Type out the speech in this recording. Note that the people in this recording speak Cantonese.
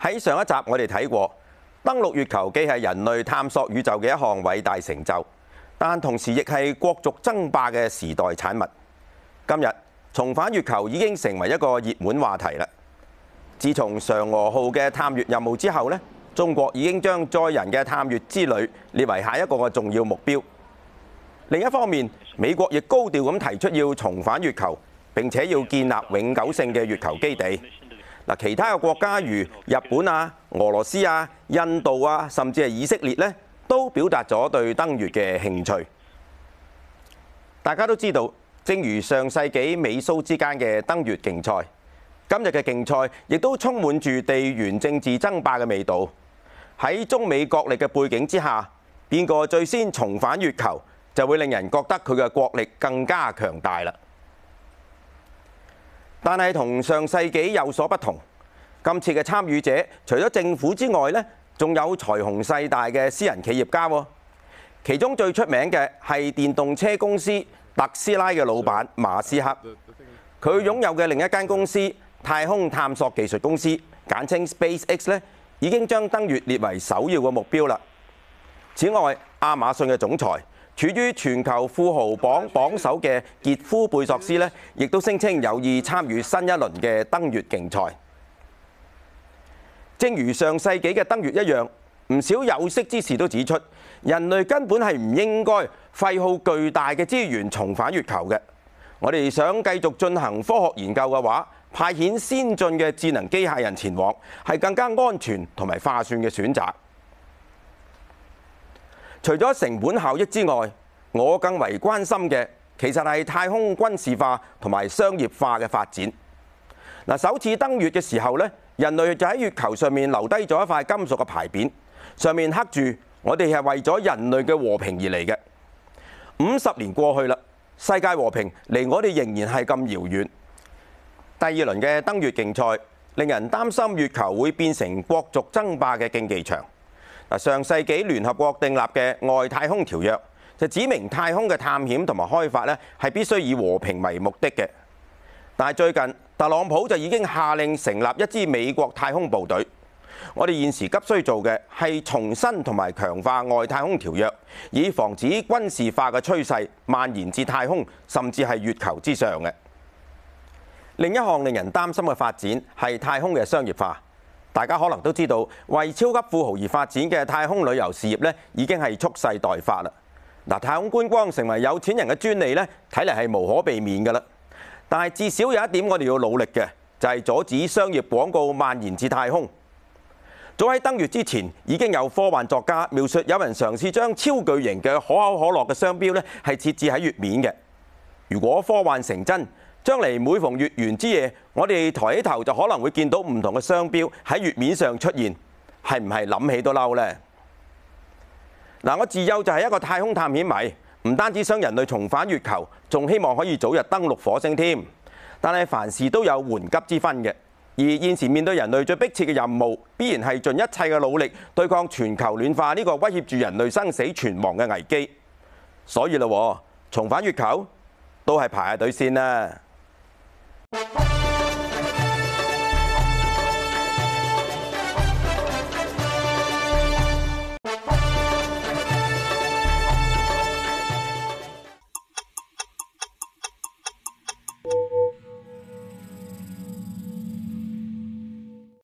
喺上一集我哋睇過登陸月球既係人類探索宇宙嘅一項偉大成就，但同時亦係國族爭霸嘅時代產物。今日重返月球已經成為一個熱門話題啦。自從嫦娥號嘅探月任務之後呢，中國已經將載人嘅探月之旅列為下一個重要目標。另一方面，美國亦高調咁提出要重返月球，並且要建立永久性嘅月球基地。嗱，其他嘅國家如日本啊、俄羅斯啊、印度啊，甚至係以色列呢，都表達咗對登月嘅興趣。大家都知道，正如上世紀美蘇之間嘅登月競賽，今日嘅競賽亦都充滿住地緣政治爭霸嘅味道。喺中美國力嘅背景之下，邊個最先重返月球，就會令人覺得佢嘅國力更加強大啦。但係同上世紀有所不同，今次嘅參與者除咗政府之外咧，仲有財雄勢大嘅私人企業家哦。其中最出名嘅係電動車公司特斯拉嘅老闆馬斯克，佢擁有嘅另一間公司太空探索技術公司，簡稱 SpaceX 咧，已經將登月列為首要嘅目標啦。此外，亞馬遜嘅總裁，處於全球富豪榜榜首嘅傑夫貝索斯呢，亦都聲稱有意參與新一輪嘅登月競賽。正如上世紀嘅登月一樣，唔少有識之士都指出，人類根本係唔應該費耗巨大嘅資源重返月球嘅。我哋想繼續進行科學研究嘅話，派遣先進嘅智能機械人前往係更加安全同埋划算嘅選擇。除咗成本效益之外，我更為關心嘅其實係太空軍事化同埋商業化嘅發展。嗱，首次登月嘅時候呢，人類就喺月球上面留低咗一塊金屬嘅牌匾，上面刻住我哋係為咗人類嘅和平而嚟嘅。五十年過去啦，世界和平離我哋仍然係咁遙遠。第二輪嘅登月競賽令人擔心月球會變成國族爭霸嘅競技場。嗱，上世紀聯合國訂立嘅外太空條約就指明太空嘅探險同埋開發係必須以和平為目的嘅。但係最近特朗普就已經下令成立一支美國太空部隊。我哋現時急需做嘅係重申同埋強化外太空條約，以防止軍事化嘅趨勢蔓延至太空甚至係月球之上嘅。另一項令人擔心嘅發展係太空嘅商業化。大家可能都知道，為超級富豪而發展嘅太空旅遊事業咧，已經係蓄勢待發啦。嗱，太空觀光成為有錢人嘅專利咧，睇嚟係無可避免噶啦。但係至少有一點，我哋要努力嘅就係阻止商業廣告蔓延至太空。早喺登月之前，已經有科幻作家描述有人嘗試將超巨型嘅可口可樂嘅商標咧，係設置喺月面嘅。如果科幻成真，將來每逢月圓之夜，我哋抬起頭就可能會見到唔同嘅商標喺月面上出現，係唔係諗起都嬲呢？嗱，我自幼就係一個太空探險迷，唔單止想人類重返月球，仲希望可以早日登陸火星添。但係凡事都有緩急之分嘅，而現時面對人類最迫切嘅任務，必然係盡一切嘅努力對抗全球暖化呢個威脅住人類生死存亡嘅危機。所以嘞，重返月球都係排下隊先啦。